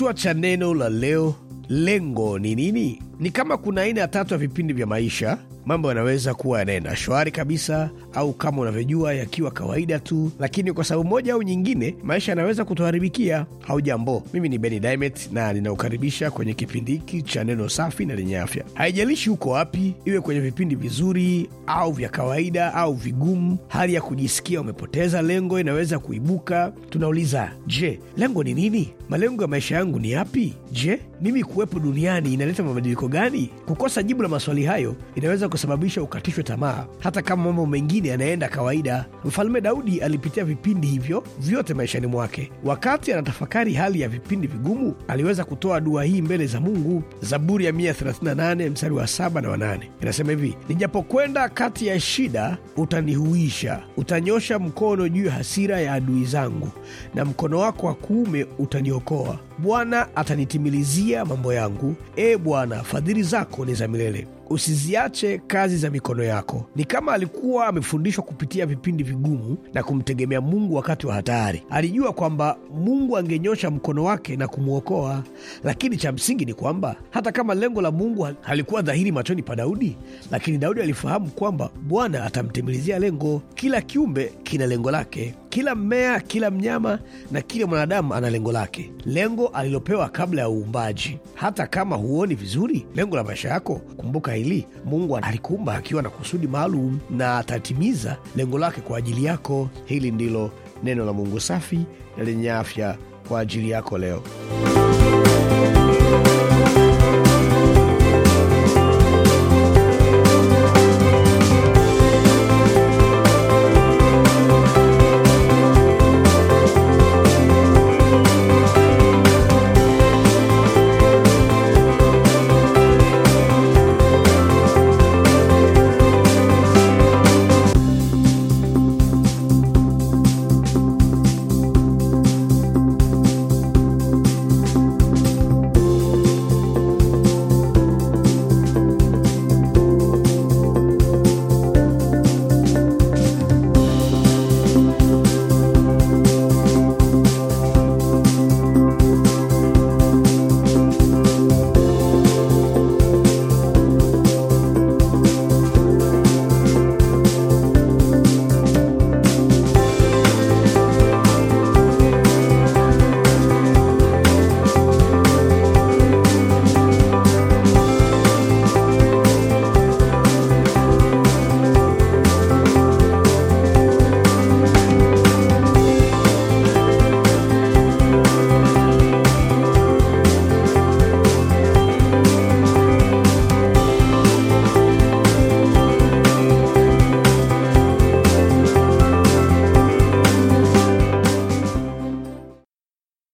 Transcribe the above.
Kichwa cha neno la leo, lengo ni nini? Ni kama kuna aina ya tatu ya vipindi vya maisha mambo yanaweza kuwa yanaenda shwari kabisa, au kama unavyojua yakiwa kawaida tu, lakini kwa sababu moja au nyingine maisha yanaweza kutoharibikia. Haujambo, mimi ni Beni Dimet na ninaukaribisha kwenye kipindi hiki cha neno safi na lenye afya. Haijalishi uko wapi, iwe kwenye vipindi vizuri au vya kawaida au vigumu, hali ya kujisikia umepoteza lengo inaweza kuibuka. Tunauliza, je, lengo ni nini? Malengo ya maisha yangu ni yapi? Je, mimi kuwepo duniani inaleta mabadiliko gani? Kukosa jibu la maswali hayo inaweza kusababisha ukatishwe tamaa, hata kama mambo mengine yanaenda kawaida. Mfalme Daudi alipitia vipindi hivyo vyote maishani mwake. Wakati anatafakari hali ya vipindi vigumu, aliweza kutoa dua hii mbele za Mungu. Zaburi ya 138 mstari wa 7 na wa 8 inasema hivi: nijapokwenda kati ya shida, utanihuisha, utanyosha mkono juu ya hasira ya adui zangu, na mkono wako wa kuume utaniokoa. Bwana atanitimilizia mambo yangu. E Bwana, fadhili zako ni za milele usiziache kazi za mikono yako. Ni kama alikuwa amefundishwa kupitia vipindi vigumu na kumtegemea Mungu wakati wa hatari. Alijua kwamba Mungu angenyosha mkono wake na kumwokoa, lakini cha msingi ni kwamba hata kama lengo la Mungu halikuwa dhahiri machoni pa Daudi, lakini Daudi alifahamu kwamba Bwana atamtimilizia lengo. Kila kiumbe kina lengo lake. Kila mmea, kila mnyama na kila mwanadamu ana lengo lake, lengo alilopewa kabla ya uumbaji. Hata kama huoni vizuri lengo la maisha yako, kumbuka hili: Mungu alikuumba akiwa na kusudi maalum, na atatimiza lengo lake kwa ajili yako. Hili ndilo neno la Mungu safi na lenye afya kwa ajili yako leo.